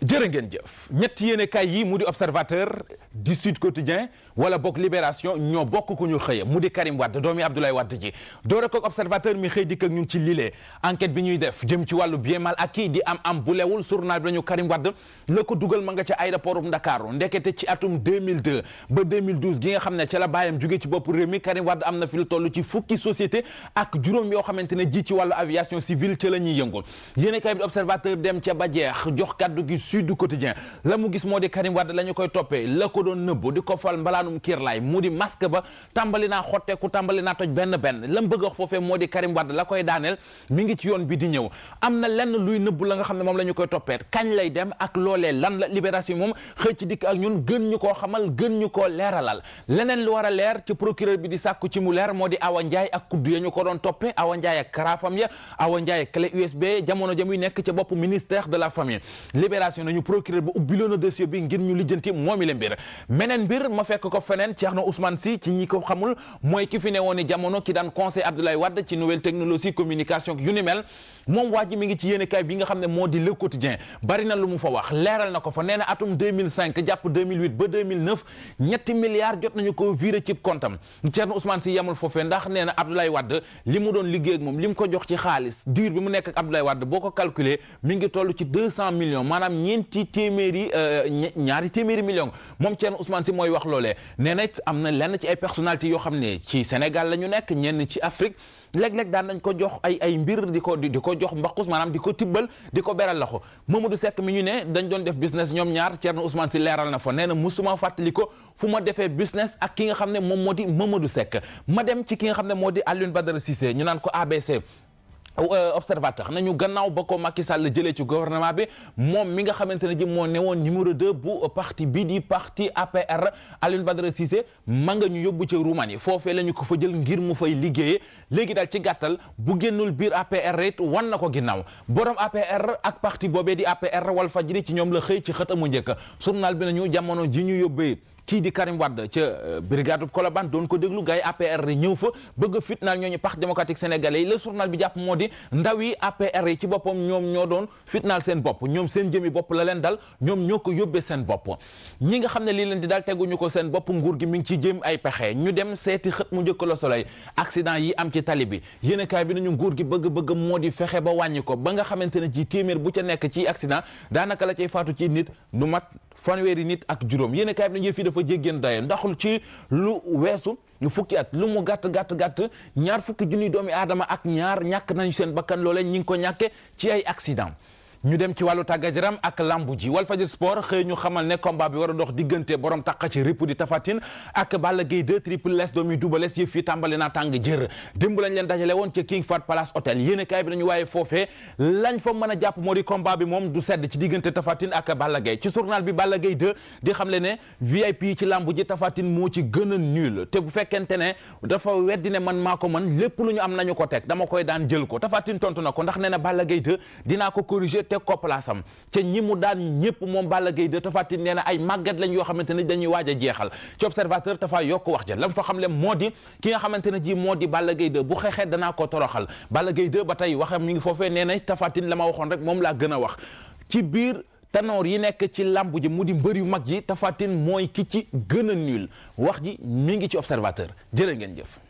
jërë ngeen jëf ñett yéene kay yi mu di observateur du Sud Quotidien wala bokk Libération ñoo bokk ku ñu xëyee mu di Karim wadd doomi Abdoulaye Wade ji doore ko observateur mi xëy dikk ñu ñun ci lile enquête bi ñuy def jëm ci wàllu bien mal ak ki di am am bulewul lewul journal ñu nañu Karim Wade la ko dugal ma nga ca aéroport Ndakaaru ndekete ci atum 2002 ba 2012 gi nga xam ne ca la bàyyam ci bopp réew mi Karim Wade am na fi lu toll ci fukki société ak juróom yoo xamante ne ji ci wàllu aviation civile ca la ñuy yëngu yéene kay dem ca ba jeex jox kaddu gi Sud Quotidien la mu gis moo di Karim Wade la ñu koy toppee la ko doon nëbbu di ko fal mbalaanum kiirlaay mu di masque ba tàmbali naa xotteeku tàmbali naa toj benn benn la mu bëgg a wax foofee moo di Karim Wade la koy daaneel mi ngi ci yoon bi di ñëw am na lenn luy nëbbu la nga xam ne moom la ñu koy toppee kañ lay dem ak loole lan la libération moom xëy ci dikk ak ñun gën ñu koo xamal gën ñu koo leeralal leneen lu war a leer ci procureur bi di sàkku ci mu leer moo di Awa Ndiaye ak kuddu ya ñu ko doon toppee Awa Ndiaye ak karaafam ya Awa Ndiaye clé USB jamono jamuy nekk ca bopp ministère de la famille délégation nañu procureur ba ubbiloon a dossier bi ngir ñu lijjanti moomi le mbir meneen mbir ma fekk ko feneen Thierno Ousmane Sy ci ñi ko xamul mooy ki fi jamono ki daan conseil Abdoulaye Wade ci nouvelle technologie communication yu ni mel moom waa mi ngi ci yéene kaay bi nga xam ne moo di le quotidien bari lu mu fa wax leeral na ko fa nee atum jàpp ba ñetti milliards jot nañu ko viré ci comptam Thierno Ousmane Sy yamul foofee ndax nee na Abdoulaye ñeenti téeméeri euh, ñaari téeméeri million moom Thierno Ousmane si mooy wax loole nee na am na lenn ci ay personnalité yoo xam ne ci Sénégal la ñu nekk ñenn ci Afrique léeg-léeg daan nañ ko jox ay ay mbir di ko di ko jox mbaqus maanaam di ko tibbal di ko beral la ko du sekk mu ñu ne dañ doon def business ñoom ñaar Thierno Ousmane si leeral na fo nee na musuma fàttali ko fu ma defee business ak ki nga xam ne moom moo di Mamadou sekk ma dem ci ki nga xam ne moo di Alioune Badara Cissé ñu naan ko Euh, euh, observateur nañu gannaaw ba ko Macky Sall jëlee ci gouvernement bi moom mi nga xamante ne ji moo newoon numéro 2 bu parti bi di parti APR Alioune Badara Cissé ma nga ñu yóbbu ci Roumanie foofee la ñu ko fa jël ngir mu fay liggéeyee léegi daal ci gàttal bu génnul biir APR it wan na ko ginnaaw borom APR ak parti boobee di APR Walfadjri ci ñoom la xëy ci xët amu njëkk journal bi nañu jamono ji ñu yóbbee kii di Karim Wade ca euh, brigade Colobane doon ko déglu gars yi APR ñëw fa bëgg a fitnaal ñooñu parti démocratique sénégalais yi le journal bi jàpp moo di ndaw APR yi ci boppam ñoom ñoo doon fitnaal seen bopp ñoom seen jëmi bopp la leen dal ñoom ñoo ko yóbbee seen bopp ñi nga xam ne lii leen di dal teguñu ko seen bopp nguur gi mi ngi ciy jéem ay pexe ñu dem seeti xët mu njëkk la soleil accident yi am ci tali bi bi nañu nguur gi bëgg bëg moo di fexe ba wàññi ko ba nga xamante ne ci téeméer bu ca nekk ci accident daanaka la cay faatu ci nit du dafa jéggeen daye ndaxul ci lu weesu fukki at lu mu gàtt gàtt gàtt ñaar fukki junni doomi aadama ak ñaar ñàkk nañu seen bakkan loolee ñi ngi ko ñàkke ci ay accident ñu dem ci wàllu tàggat yaram ak lambu ji Walfadjri sport xëy ñu xamal ne combat bi war a dox diggante borom taqa ci ripp di tafatine ak Balla Gaye 2 triple S doomi Double Less yëf yi tàmbali naa tàng jër démb lañ leen dajale woon ci King Fahd Palace Hotel yéen kaay bi nañu waaye foofee lañ fa mën a jàpp moo di combat bi moom du sedd ci diggante tafatine ak Balla Gaye ci journal bi Balla Gaye di xam le ne VIP yi ci lambu ji tafatine moo ci gën a nul te bu fekkente ne dafa weddi ne man maa ko mën lépp lu ñu am nañu ko teg dama koy daan jël ko tafatine tontu na ko ndax nee na Balla Gaye dinaa ko corriger te ko palaasam ñi mu daan ñëpp moom Balla Gaye de tafati nee na ay màggat lañ yoo xamante ne dañuy waaj a jeexal ci observateur tafa yokk wax ja lam fa xam le moo di ki nga xamante ne ji moo di Balla Gaye bu xeexee dana ko toroxal Balla Gaye de ba tey waxam mi ngi foofee nee na tafatin la ma waxoon rek moom laa gën a wax ci biir tanoor yi nekk ci làmb ji mu di mbër yu mag yi tafatin mooy ki ci gën a nul wax ji mi ngi ci observateur jërë ngeen jëf